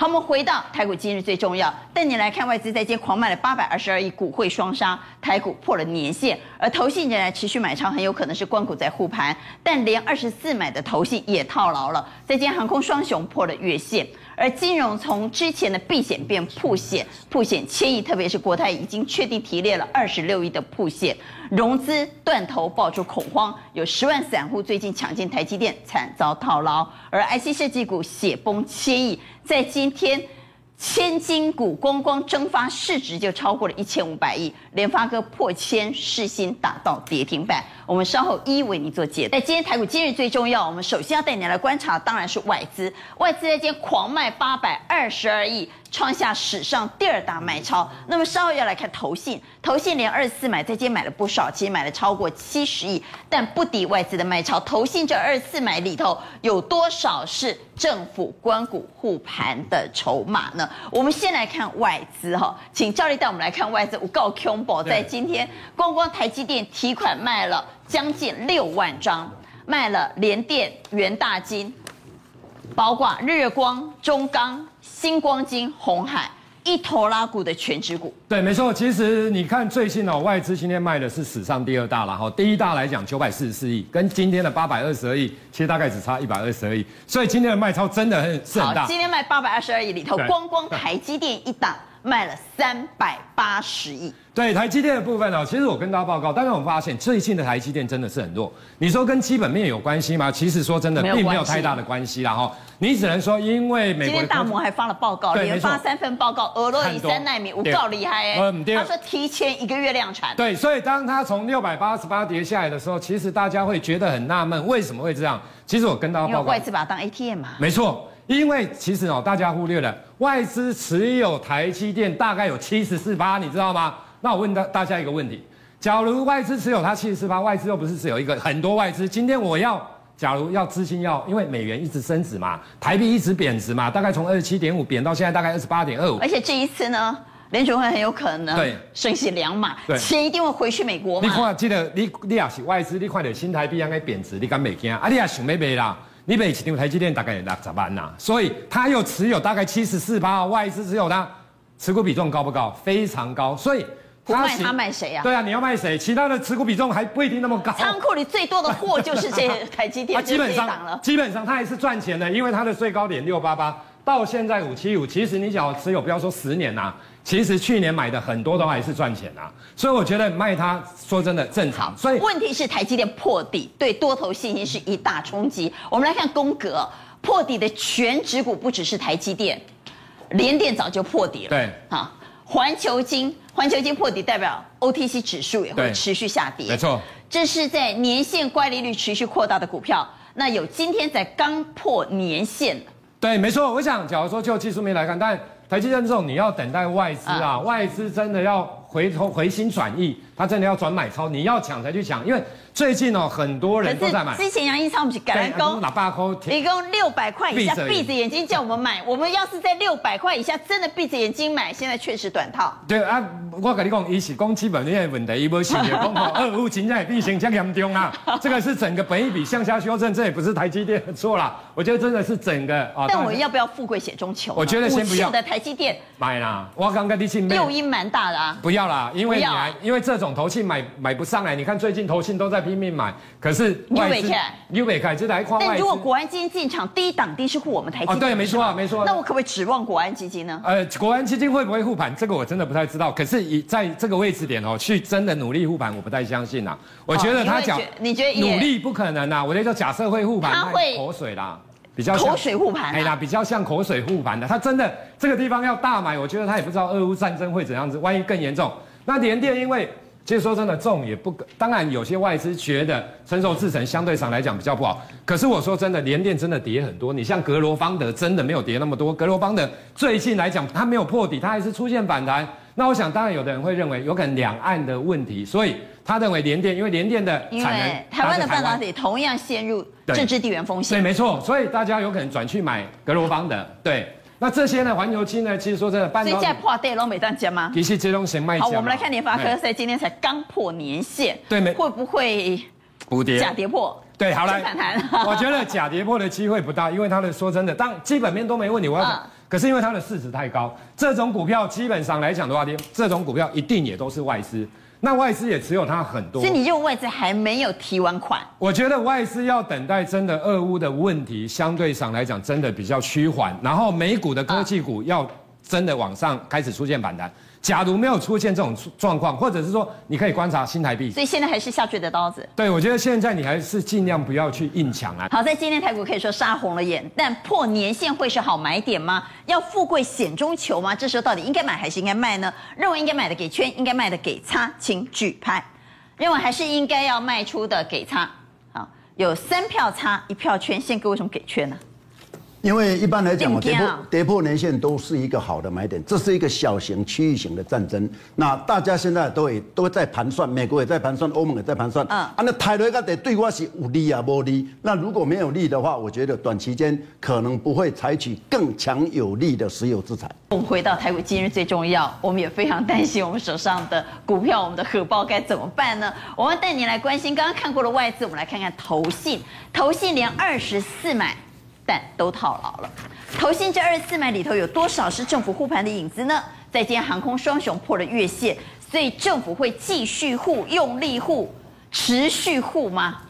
好，我們回到台股今日最重要。但你來看，外資在今狂賣了八百二十二億，股匯雙殺，台股破了年線，而投信仍然持續買倉，很有可能是官股在護盤，但連二十四買的投信也套牢了。在今航空雙雄破了月線。而金融從之前的避險變曝險，曝險千億，特別是國泰已經確定提列了二十六億的曝險融資斷頭爆出恐慌，有十萬散戶最近搶進台積電，慘遭套牢，而 IC 設計股血崩千億，在今天。千金股光光蒸發，市值就超過了一千五百億。聯發科破千，世芯打到跌停板。我們稍後一一為您做解讀。但今天台股今日最重要，我們首先要帶您來，來觀察，當然是外資。外資在今天狂賣八百二十二億。創下史上第二大賣超。那麼稍後要來看投信，投信連二次買在今天買了不少，其實買了超過七十億，但不敵外資的賣超。投信這二次買裡頭有多少是政府官股護盤的籌碼呢？我們先來看外資哈，請趙力帶我們來看外資。我告 QNB 在今天光光台積電提款賣了將近六萬張，賣了聯電、元大金，包括日月光、中鋼。金光金、紅海，一拖拉股的權值股。對，沒錯。其實你看，最近哦，外資今天賣的是史上第二大了。哈，第一大來講九百四十四億，跟今天的八百二十二億，其實大概只差一百二十二億。所以今天的賣超真的很很大。好，今天賣八百二十二億裡頭，光光台積電一檔賣了三百八十億。對台積電的部分呢，其實我跟大家報告，但是我發現最近的台積電真的是很弱。你說跟基本面有關係嗎？其實說真的，沒並沒有太大的關係啦，哈、嗯，你只能說因為美國今天大摩還發了報告，連發三份報告，俄羅斯三納米，我夠厲害誒、欸哦、他說提前一個月量產。對，所以當他從六百八十八跌下來的時候，其實大家會覺得很納悶，為什麼會這樣？其實我跟大家報告，因為外資把它當 ATM 嘛、啊。沒錯，因為其實哦，大家忽略了外資持有台積電大概有七十四八，你知道嗎？那我問大大家一個問題：假如外資持有它七十四趴，外資又不是只有一個，很多外資。今天我要，假如要資金要，因為美元一直升值嘛，台幣一直貶值嘛，大概從二十七點五貶到現在大概二十八點二五。而且這一次呢，聯儲會很有可能對升息兩碼，錢一定會回去美國嘛你看、這個，記得你你要是外資，你看到新台幣在貶值，你敢袂驚？啊，你也想買買啦？你買一張台積電大概有六十萬吶、啊。所以它又持有大概七十四趴，外資持有它持股比重高不高？非常高，所以。他不賣他賣誰啊？對啊，你要賣誰？其他的持股比重還不一定那麼高。倉庫裡最多的貨就是這台積電，它 基本上基本上它還是賺錢的，因為它的最高點六八八到現在五七五，其實你只要持有，不要說十年吶、啊，其實去年買的很多都還是賺錢吶、啊。所以我覺得賣它，說真的正常。所以問題是台積電破底，對多頭信心是一大衝擊。我們來看宮格破底的權值股不只是台積電，聯電早就破底了。對好、啊環球晶，環球晶破底代表 OTC 指數也會持續下跌。沒錯，這是在年線乖離率持續擴大的股票，那有今天才剛破年線。對，沒錯。我想，假如說就技術面來看，但台積電這種，你要等待外資啊，啊外資真的要回頭回心轉意。他真的要轉買超，你要搶才去搶，因為最近哦，很多人都在買。之前楊英超不是改了？一共六百塊以下，閉着眼睛叫我們買，我們要是在六百塊以下，真的閉着眼睛買。現在確實短套。對啊，我跟你講，一起是供氣問題，問題；二五股在也比這疆嚴重啊。 這個是整個本益比向下修正，這也不是台積電的錯了。我覺得真的是整個啊。但我們要不要富貴險中求？我覺得先不要。的台積電買了，我剛剛提醒六陰蠻大的啊，不要了，因為你來，因為這種。投信買買不上來，你看最近投信都在拼命買，可是，紐北凱，又北開這台礦外，但如果國安基金進場，第一檔一是護我們台積。哦，對，沒錯啊，沒錯、啊。那我可不可以指望國安基金呢？呃，國安基金會不會護盤，這個我真的不太知道。可是以在這個位置點哦，去真的努力護盤，我不太相信吶、啊。我覺得他講、哦，你覺得努力不可能吶、啊？我覺得假設會護盤，他會口水啦、啊，比較像口水護盤、啊。哎呀，比較像口水護盤、啊、的，他真的這個地方要大買，我覺得他也不知道俄烏戰爭會怎樣子，萬一更嚴重，那聯電因為。其實說真的，重也不可。當然，有些外資覺得成熟製程相對上來講比較不好。可是我說真的，聯電真的跌很多。你像格羅方德真的沒有跌那麼多。格羅方德最近來講，它沒有破底，它還是出現反彈。那我想，當然有的人會認為有可能兩岸的問題，所以他認為聯電，因為聯電的產能，因為台灣的半導體同樣陷入政治地緣風險對。對，沒錯。所以大家有可能轉去買格羅方德。對。那這些呢？環球期呢？其實說真的，半所以破跌，攏美這樣講嗎？你接龍先賣。好，我們來看聯發科，所以今天才剛破年線，對沒？會不會蝴蝶、啊？假跌破？對，好了， 我覺得假跌破的機會不大，因為它的說真的，當基本面都沒問題，我要講、啊、可是因為它的市值太高，這種股票基本上來講的話，這種股票一定也都是外資。那外資也持有它很多，所以你用外資還沒有提完款。我覺得外資要等待真的俄烏的問題相對上來講真的比較趨緩，然後美股的科技股要真的往上開始出現反彈。假如沒有出現這種狀況，或者是說你可以觀察新台幣，所以現在還是下墜的刀子。對，我覺得現在你還是儘量不要去硬搶啊。好，在今天台股可以說殺紅了眼，但破年線會是好買點嗎？要富貴險中求嗎？這時候到底應該買還是應該賣呢？認為應該買的給圈，應該賣的給叉，請舉牌。認為還是應該要賣出的給叉。好，有三票叉，一票圈，現在各位為什麼給圈呢、啊？因為一般來講哦、啊，跌破跌破年線都是一個好的買點。這是一個小型區域型的戰爭。那大家現在都也都在盤算，美國也在盤算，歐盟也在盤算。嗯、啊，那台灣跟才對話是有利啊無利。那如果沒有利的話，我覺得短期間可能不會採取更強有力的石油制裁。我、嗯、們回到台股今日最重要，我們也非常擔心我們手上的股票，我們的荷包該怎麼辦呢？我們帶你來關心剛剛看過的外資，我們來看看投信。投信連二十四買。都套牢了，投信這二十四買裡頭有多少是政府護盤的影子呢？在今天航空雙雄破了月線，所以政府會繼續護、用力護、持續護嗎？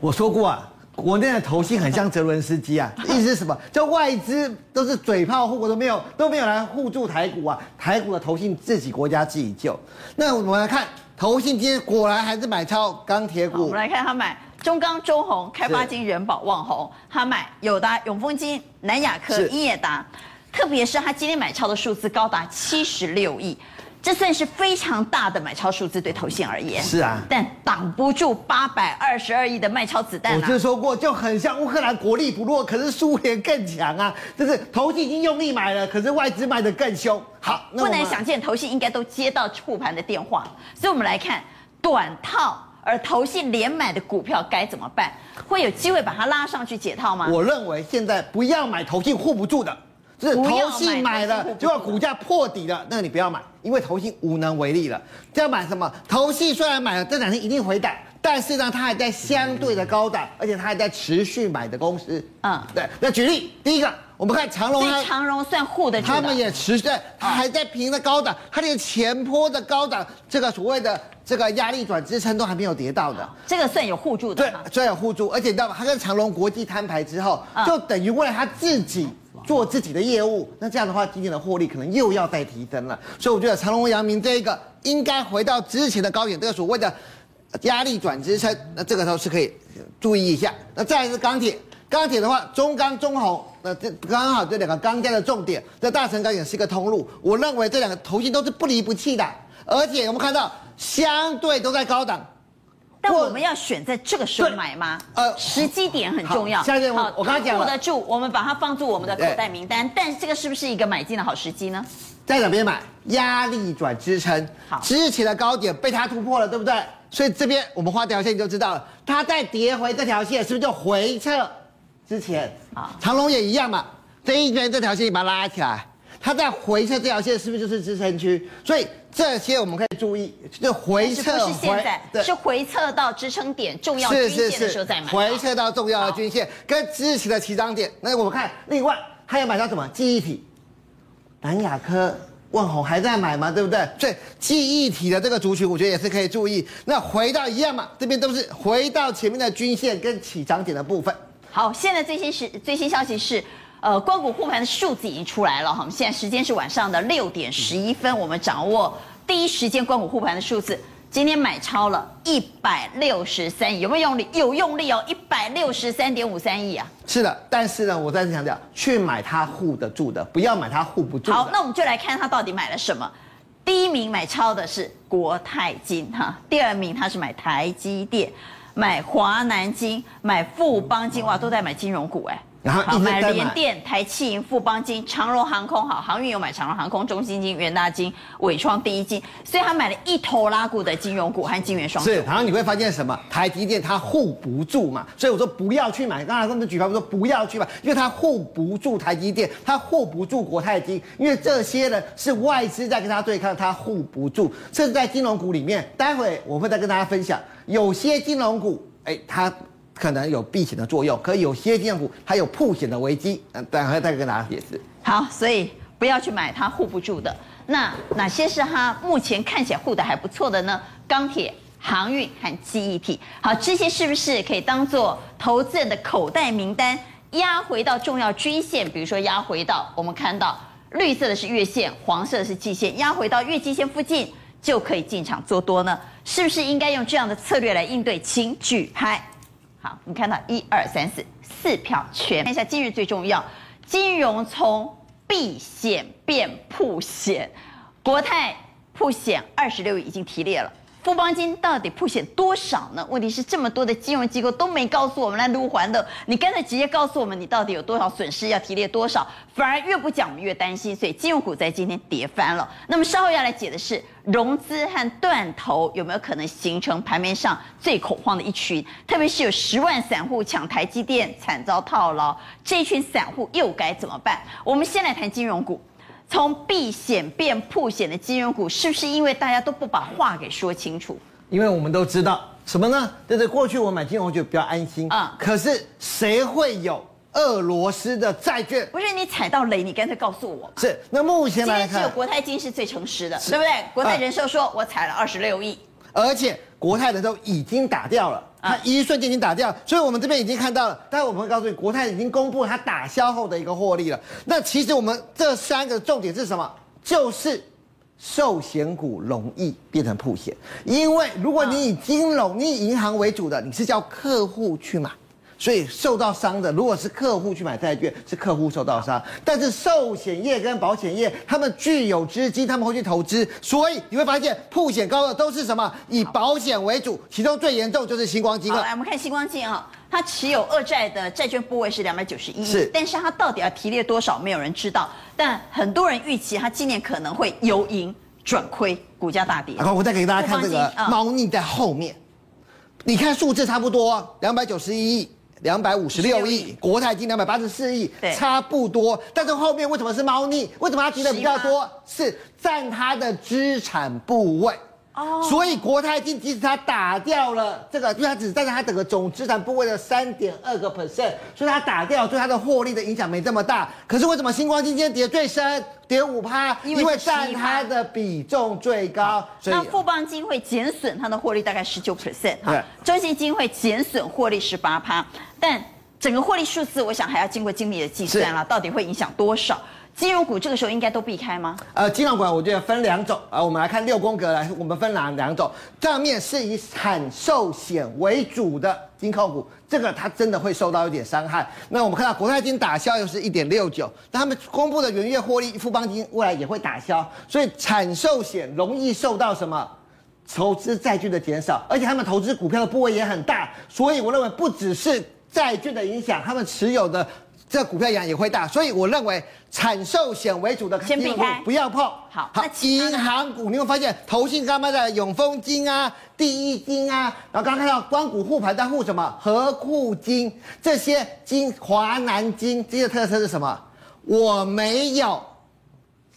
我說過啊，國內的投信很像澤倫斯基啊， 意思是什麼？就外資都是嘴炮護，國都沒有都沒有來護住台股啊，台股的投信自己國家自己救。那我們來看投信今天果然還是買超鋼鐵股，我們來看他買。中鋼、中鴻、開發金、人保、旺宏，他買友達永豐金、南亞科、英業達，特別是他今天買超的數字高達七十六億，這算是非常大的買超數字對投信而言。是啊，但擋不住八百二十二億的賣超子彈、啊啊、我就說過，就很像烏克蘭國力不弱，可是蘇聯更強啊！就是投信已經用力買了，可是外資賣的更凶。好，不難想見投信應該都接到護盤的電話，所以我們來看短套。而投信連買的股票該怎麼辦？會有機會把它拉上去解套嗎？我認為現在不要買投信護不住的，就是投信買了，就要股價破底了，那你不要買，因為投信無能為力了。要買什麼？投信雖然買了這兩天一定回檔，但是呢，它還在相對的高檔，而且它還在持續買的公司。嗯，對。那舉例第一個。我們看長榮，對長榮算護的，他們也持續，他還在憑着高檔，他那個前波的高檔，這個所謂的這個壓力轉支撐都還沒有跌到的，這個算有互助的，對，算有互助，而且到他跟長榮國際攤牌之後，就等於為了他自己做自己的業務，那這樣的話，今天的獲利可能又要再提升了，所以我覺得長榮、陽明這一個應該回到之前的高點，這個所謂的壓力轉支撐，那這個時候是可以注意一下。那再一個鋼鐵。鋼鐵的話，中鋼中鴻、中、呃、鴻，那這剛好這兩個鋼鐵的重點，這大成鋼也是一個通路。我認為這兩個投信都是不離不棄的，而且我們看到相對都在高檔。但我們要選在這個時候買嗎？呃，時機點很重要。相對，我我跟他講，握得住，我們把它放入我們的口袋名單，哎。但這個是不是一個買進的好時機呢？在哪邊買？壓力轉支撐。好，之前的高點被它突破了，對不對？所以這邊我們畫條線就知道了，它再跌回這條線，是不是就回撤？之前啊，長龍也一樣嘛。這一邊這條線，把它拉起來，它在回測這條線，是不是就是支撐區？所以這些我們可以注意，就回測。是不是現在對，是回測到支撐點、重要均線的時候再買，是是是。回測到重要的均線跟之前的起漲點。那我們看，另外還要買到什麼？記憶體，南亞科旺宏還在買嗎？對不對？所以記憶體的這個族群，我覺得也是可以注意。那回到一樣嘛，這邊都是回到前面的均線跟起漲點的部分。好，現在最新是最新消息是，呃，官股護盤的數字已經出來了哈。我們現在時間是晚上的六點十一分，我們掌握第一時間官股護盤的數字。今天買超了一百六十三億，有沒有用力？有用力哦，一百六十三點五三億啊。是的，但是呢，我再次強調，去買它護得住的，不要買它護不住的。好，那我們就來看它他到底買了什麼。第一名買超的是國泰金哈，第二名他是買台積電。買華南金，買富邦金，哇，都在買金融股，欸，哎。然後買聯電、台企銀、富邦金、長榮航空，好，航運有買長榮航空、中信金、元大金、緯創第一金，所以他買了一頭拉股的金融股和金元雙。是，然後你會發現什麼？台積電它護不住嘛，所以我說不要去買。剛剛，剛的舉辦我們舉牌說不要去買，因為它護不住台積電，它護不住國泰金，因為這些人是外資在跟他對抗，他護不住。甚至在金融股裡面，待會我會再跟大家分享，有些金融股，哎，它。可能有避險的作用，可有些政府還有曝險的危機，嗯，等會再跟大家解釋。好，所以不要去買它護不住的。那哪些是它目前看起來護得還不錯的呢？鋼鐵、航運和記憶體。好，這些是不是可以當做投資人的口袋名單？壓回到重要均線，比如說壓回到我們看到綠色的是月線，黃色的是季線，壓回到月季線附近就可以進場做多呢？是不是應該用這樣的策略來應對？請舉牌。好，你看到一二三四四票全。看一下今日最重要，金融從避險變曝險，國泰曝險二十六億已經提列了。富邦金到底曝險多少呢？問題是這麼多的金融機構都沒告訴我們來錄還的，你乾脆直接告訴我們你到底有多少損失要提列多少，反而越不講我們越擔心，所以金融股在今天跌翻了。那麼稍後要來解的是融資和斷頭有沒有可能形成盤面上最恐慌的一群？特別是有十萬散戶搶台積電慘遭套牢，這群散戶又該怎麼辦？我們先來談金融股。從避險變曝險的金融股，是不是因為大家都不把話給說清楚？因為我們都知道什麼呢？就是過去我買金融就比較安心。嗯、啊。可是誰會有俄羅斯的債券？不是你踩到雷，你乾脆告訴我。是。那目前來看，只有國泰金是最誠實的，對不對？國泰人壽說，我踩了二十六億。啊而且國泰的都已經打掉了，他一瞬間已經打掉了，所以我們這邊已經看到了。待會我們會告訴你，國泰已經公布它打消後的一個獲利了。那其實我們這三個重點是什麼？就是壽險股容易變成曝險，因為如果你以金融、你以銀行為主的，你是叫客戶去買。所以受到傷的，如果是客戶去買債券，是客戶受到傷。但是壽險業跟保險業，他們具有資金，他們會去投資。所以你會發現，曝險高的都是什麼？以保險為主，其中最嚴重就是新光金。來，我們看新光金啊、哦，它持有俄債的債券部位是兩百九十一億，但是它到底要提列多少，沒有人知道。但很多人預期它今年可能會由盈轉虧，股價大跌。好，我再給大家看這個貓膩在後面。哦、你看數字差不多，兩百九十一億。兩百五十六億，國泰金兩百八十四億，差不多。但是後面為什麼是貓膩？為什麼它跌得比較多？是占它的資產部位、oh, 所以國泰金即使它打掉了這個，因為它只占它整個總資產部位的三點二個 percent，所以它打掉，對它的獲利的影響沒這麼大。可是為什麼新光金今天跌最深，跌五趴？因為占它的比重最高。那富邦金會減損它的獲利大概十九 percent 哈。中信金會減損獲利十八趴。但整個獲利數字，我想還要經過經理的計算了，到底會影響多少？金融股這個時候應該都避開嗎？呃，金融股我覺得分兩種啊，呃，我們來看六宮格來，我們分哪兩種？上面是以產壽險為主的金控股，這個它真的會受到一點傷害。那我們看到國泰金打消又是一點六九，那他們公布的元月獲利，富邦金未來也會打消，所以產壽險容易受到什麼？投資債券的減少，而且他們投資股票的部位也很大，所以我認為不只是。債券的影響，他們持有的這股票一樣也會大，所以我認為產壽險為主的先行不要碰。好，好銀行股你會發現，投信，幹嘛的永豐金啊、第一金啊，然後剛看到官股護盤在護什麼？合庫金、這些金、華南金，這些特色是什麼？我沒有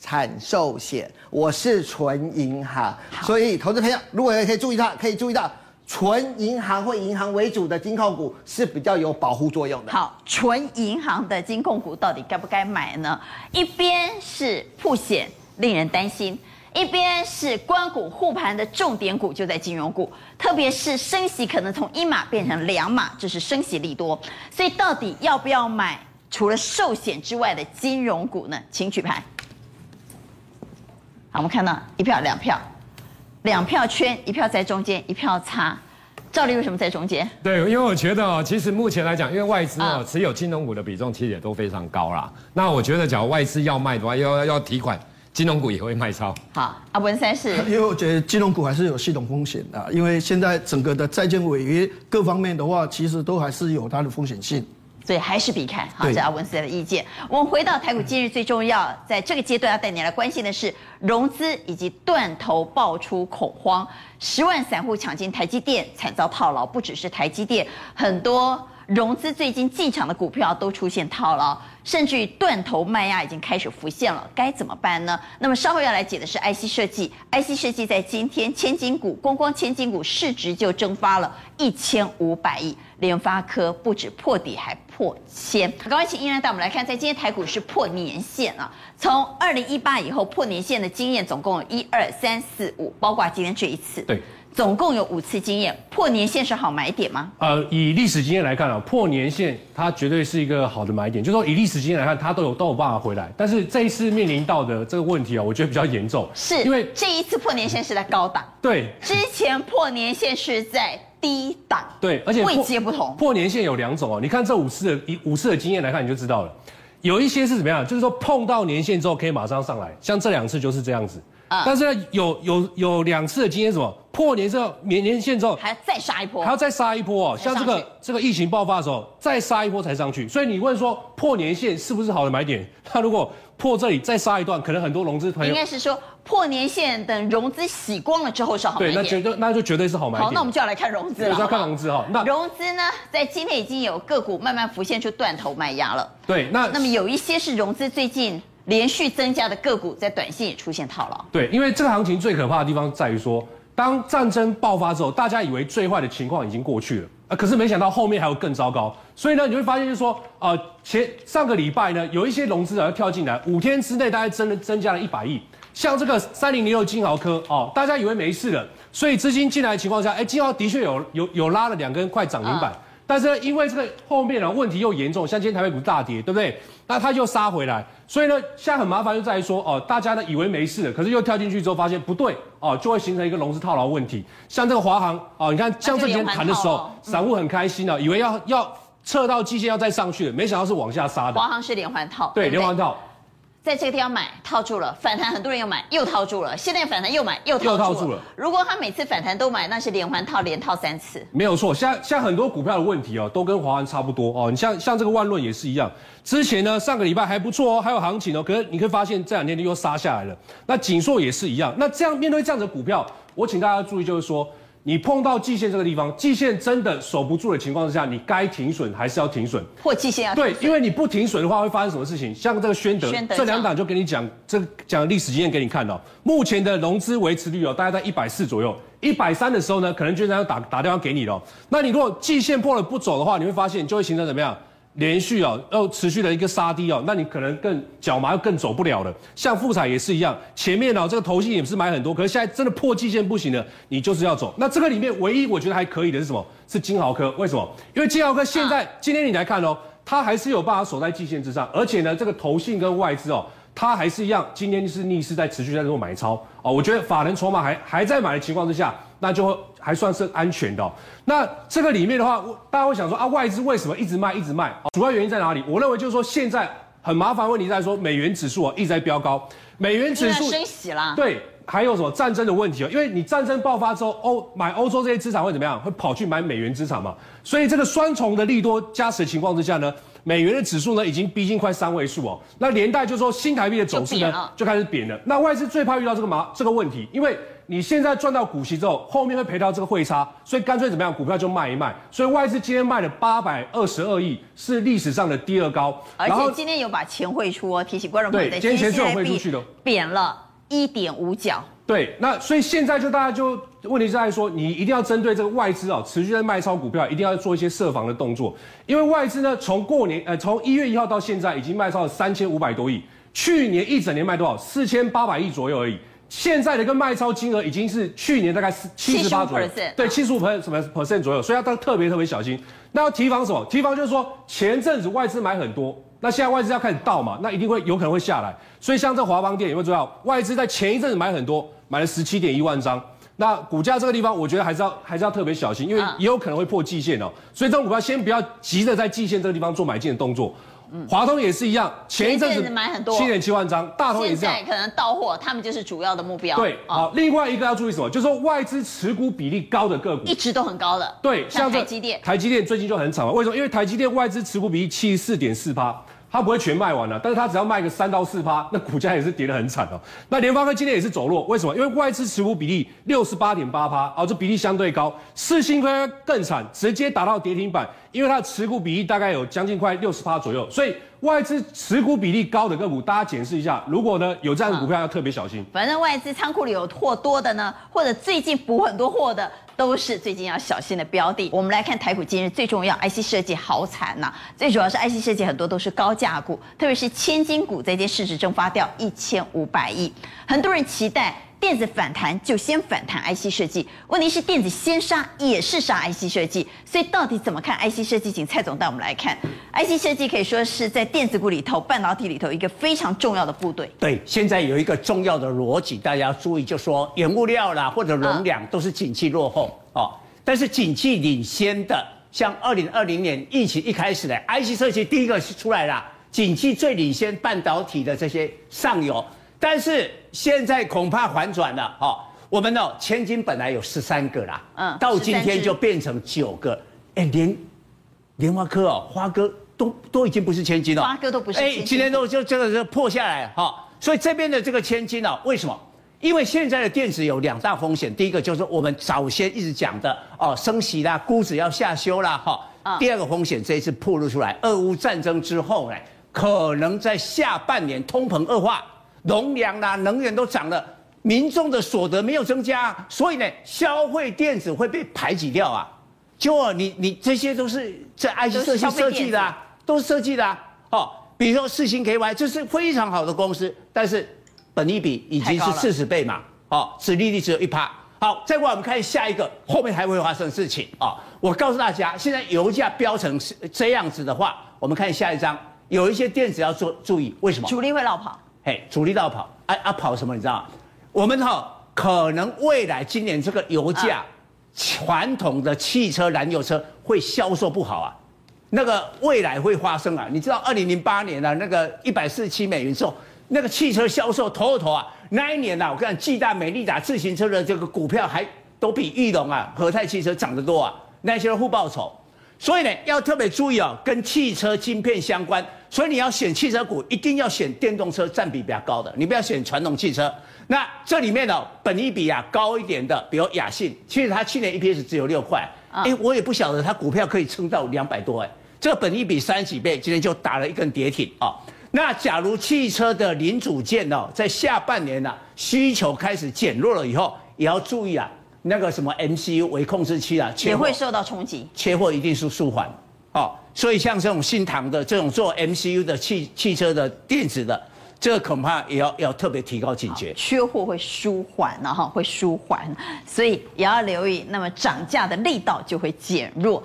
產壽險，我是純銀行，所以投資朋友如果可以注意到，可以注意到。純銀行或銀行為主的金控股是比較有保護作用的。好，純銀行的金控股到底該不該買呢？一邊是曝險令人擔心，一邊是官股護盤的重點股就在金融股，特別是升息可能從一碼變成兩碼，這、就是升息利多。所以到底要不要買除了壽險之外的金融股呢？請舉牌。好，我們看到一票兩票。兩票圈，一票在中間，一票差。照理為什麼在中間？對，因為我覺得其實目前來講，因為外資、啊、持有金融股的比重其實也都非常高啦。那我覺得，假如外資要賣的話，要要提款，金融股也會賣超。好，阿文三是因為我覺得金融股還是有系統風險的，因為現在整個的債券違約各方面的話，其實都還是有它的風險性。所以還是比看好，這是阿文斯的意見。我們回到台股，今日最重要，在這個階段要帶你來關心的是融資以及斷頭爆出恐慌，十萬散戶搶進台積電，慘遭套牢。不只是台積電，很多融資最近進場的股票都出現套牢。甚至於斷頭賣壓已經開始浮現了，該怎麼辦呢？那麼稍後要來解的是 IC 設計，IC 設計在今天千金股，光光千金股市值就蒸發了一千五百億，聯發科不止破底，還破千。剛剛請依然帶我們來看，在今天台股是破年線啊，從二零一八以後破年線的經驗總共有一二三四五，包括今天這一次。對。總共有五次經驗，破年線是好買點嗎？呃，以歷史經驗來看啊，破年線它絕對是一個好的買點，就是說以歷史經驗來看，它都有都有辦法回來。但是這一次面臨到的這個問題啊，我覺得比較嚴重，是因為這一次破年線是在高檔，嗯，對，之前破年線是在低檔，對，而且位置也不同。破年線有兩種哦、啊，你看這五次的以五次的經驗來看你就知道了，有一些是怎麼樣，就是說碰到年線之後可以馬上上來，像這兩次就是這樣子。嗯、但是呢，有有有兩次的經驗，什麼破年之後，年線之後，還要再殺一波，還要再殺一波哦。像這個這個疫情爆發的時候，再殺一波才上去。所以你問說破年線是不是好的買點？那如果破這裡再殺一段，可能很多融資朋友。應該是說破年線等融資洗光了之後是好買點。對，那絕對那就絕對是好買點。好，那我們就要來看融資了。就要看融資哈。那融資呢，在今天已經有個股慢慢浮現出斷頭賣壓了。對，那那麼有一些是融資最近。連續增加的個股在短線也出現套牢。對，因為這個行情最可怕的地方在於說，當戰爭爆發之後，大家以為最壞的情況已經過去了啊、呃，可是沒想到後面還有更糟糕。所以呢，你會發現就是說，呃，前上個禮拜呢，有一些融資者跳進來，五天之內大概增了增加了一百億。像這個三零零六晶豪科啊、呃，大家以為沒事了，所以資金進來的情況下，哎，晶豪的確有有有拉了兩根快漲停板。啊但是呢因為這個後面呢問題又嚴重，像今天台北股大跌，對不對？那它又殺回來，所以呢現在很麻煩，就在於說哦，大家呢以為沒事了，可是又跳進去之後發現不對哦，就會形成一個融資套牢問題。像這個華航哦，你看像之前談的時候，散戶很開心啊、哦嗯，以為要要測到季線要再上去，沒想到是往下殺的。華航是連環套，對，對連環套。在這個地方買套住了，反彈很多人又買又套住了，現在反彈又買又套，又套住了。如果他每次反彈都買，那是連環套，連套三次。沒有錯，像像很多股票的問題哦，都跟華安差不多哦。你像像這個萬潤也是一樣，之前呢上個禮拜還不錯哦，還有行情哦，可是你可以發現這兩天就又殺下來了。那景碩也是一樣，那這樣面對這樣子的股票，我請大家注意就是說，你碰到季線這個地方，季線真的守不住的情況之下，你該停損還是要停損？破季線啊。對，因為你不停損的話，會發生什麼事情？像這個宣德，宣德這兩檔就給你講，這講歷史經驗給你看了哦。目前的融資維持率哦，大概在一百四左右，一百三的時候呢，可能券商要打打電話給你了哦。那你如果季線破了不走的話，你會發現你就會形成怎麼樣？連續哦，又持續的一個殺低哦，那你可能更腳麻，更走不了了。像富彩也是一樣，前面哦，這個投信也是買很多，可是現在真的破季線不行了，你就是要走。那這個裡面唯一我覺得還可以的是什麼？是金豪科。為什麼？因為金豪科現在今天你來看哦，它還是有辦法守在季線之上，而且呢，這個投信跟外資哦。它還是一樣，今天是逆勢在持續在做買超啊、哦！我覺得法人籌碼還還在買的情況之下，那就會還算是安全的、哦。那這個裡面的話，大家會想說啊，外資為什麼一直賣一直賣、哦？主要原因在哪裡？我認為就是說現在很麻煩問題在說美元指數啊、哦、一直在飆高，美元指數升息啦，對，還有什麼戰爭的問題啊、哦？因為你戰爭爆發之後，歐買歐洲這些資產會怎麼樣？會跑去買美元資產嘛。所以這個雙重的利多加持的情況之下呢，美元的指數呢，已經逼近快三位數哦。那連帶就說新台幣的走勢呢，就，就開始貶了。那外資最怕遇到這個嘛這個問題，因為你現在賺到股息之後，後面會賠到這個匯差，所以乾脆怎麼樣，股票就賣一賣。所以外資今天賣了八百二十二億，是歷史上的第二高。而且今天有把錢匯出哦，提醒觀眾朋友，今天錢是有匯出去的，貶了一點五角。對，那所以現在就大家就，問題是在說，你一定要針對這個外資啊、哦，持續在賣超股票，一定要做一些設防的動作。因為外資呢，從過年呃，從一月一號到現在，已經賣超了三千五百多億。去年一整年賣多少？四千八百億左右而已。現在的跟賣超金額已經是去年大概7七十八左右，75對，七十五趴什麼 percent 左右。所以要特別特別小心。那要提防什麼？提防就是說，前陣子外資買很多，那現在外資要開始倒嘛，那一定會有可能會下來。所以像這華邦電有沒有注意到，外資在前一陣子買很多，買了十七點一萬張。那股價這個地方，我覺得還是要還是要特別小心，因為也有可能會破季線哦、喔。嗯。所以這種股票先不要急着在季線這個地方做買進的動作。嗯，華通也是一樣，前一陣子買很多，七點七萬張。大通也是。現在可能到貨，他們就是主要的目標。對好、哦，另外一個要注意什麼？就是說外資持股比例高的個股，一直都很高的。對，像這台積電，台積電最近就很慘了。為什麼？因為台積電外資持股比例七十四點四八。它不會全賣完了、啊，但是它只要賣個三到四趴，那股價也是跌得很慘哦、喔。那聯發科今天也是走弱，為什麼？因為外資持股比例六十八點八趴，啊，這比例相對高。世芯科更慘，直接打到跌停板，因為它的持股比例大概有將近快六十趴左右，所以。外資持股比例高的個股，大家檢視一下。如果呢，有這樣的股票，要特別小心、嗯。反正外資倉庫裡有貨多的呢，或者最近補很多貨的，都是最近要小心的標的。我們來看台股今日最重要，IC 設計好慘吶、啊！最主要是 IC 設計很多都是高價股，特別是千金股，這些市值蒸發掉一千五百億，很多人期待。電子反彈就先反彈 IC 設計，問題是電子先殺也是殺 IC 設計，所以到底怎麼看 IC 設計，請蔡總帶我們來看。IC 設計可以說是在電子股裡頭、半導體裡頭一個非常重要的部隊。對，現在有一個重要的邏輯，大家要注意，就說原物料啦或者容量都是景氣落後、啊、哦，但是景氣領先的，像二零二零年疫情一開始的 IC 設計第一個是出來了、啊，景氣最領先半導體的這些上游，但是。現在恐怕反轉了哦。我們呢、哦、千金本來有十三個啦，嗯，到今天就變成九個。哎、嗯，聯、聯發科哦，發哥都都已經不是千金了，發哥都不是千金。哎，今天都就這個就，就破下來哈、哦。所以這邊的這個千金呢、哦，為什麼？因為現在的電子有兩大風險，第一個就是我們早先一直講的哦，升息啦，估值要下修啦，哈、哦嗯。第二個風險這一次暴露出來，俄烏戰爭之後呢，可能在下半年通膨惡化。農糧啦，能源都漲了，民眾的所得沒有增加、啊，所以呢，消費電子會被排擠掉啊。就你你這些都是在 IC 設計設計的、啊，都設計的、啊、哦。比如說四星 KY，這是非常好的公司，但是，本益比已經是四十倍嘛，哦，殖利率只有一趴。好，再過來我們看下一個，後面還會發生事情啊、哦？我告訴大家，現在油價飆成是這樣子的話，我們看下一張，有一些電子要做注意，為什麼主力會落跑？嘿、hey，主力道跑？啊啊跑什麼？你知道、啊，我們哈可能未來今年這個油價，傳、啊、統的汽車燃油車會銷售不好啊，那個未來會發生啊。你知道，二零零八年啊，那個一百四十七美元之後，那個汽車銷售頭頭啊，那一年呢、啊，我跟你講，巨大、美利達、自行車的這個股票還都比裕隆啊、和泰汽車漲得多啊，那些人互報仇。所以呢，要特別注意哦、啊，跟汽車晶片相關。所以你要選汽車股，一定要選電動車占比比較高的，你不要選傳統汽車。那這裡面呢、哦，本益比啊高一點的，比如亞信，其實它去年 EPS 只有六塊，哎、哦欸，我也不曉得它股票可以撐到兩百多哎，這個本益比三十幾倍，今天就打了一根跌停哦，那假如汽車的零組件哦，在下半年呢、啊、需求開始減弱了以後，也要注意啊，那個什麼 MCU 微控制器啊，切貨也會受到衝擊，切貨一定是舒緩哦。所以像這種新唐的這種做 MCU 的汽汽車的電子的，這個恐怕也要要特別提高警覺。缺貨會舒緩，然後會舒緩，所以也要留意。那麼漲價的力道就會減弱。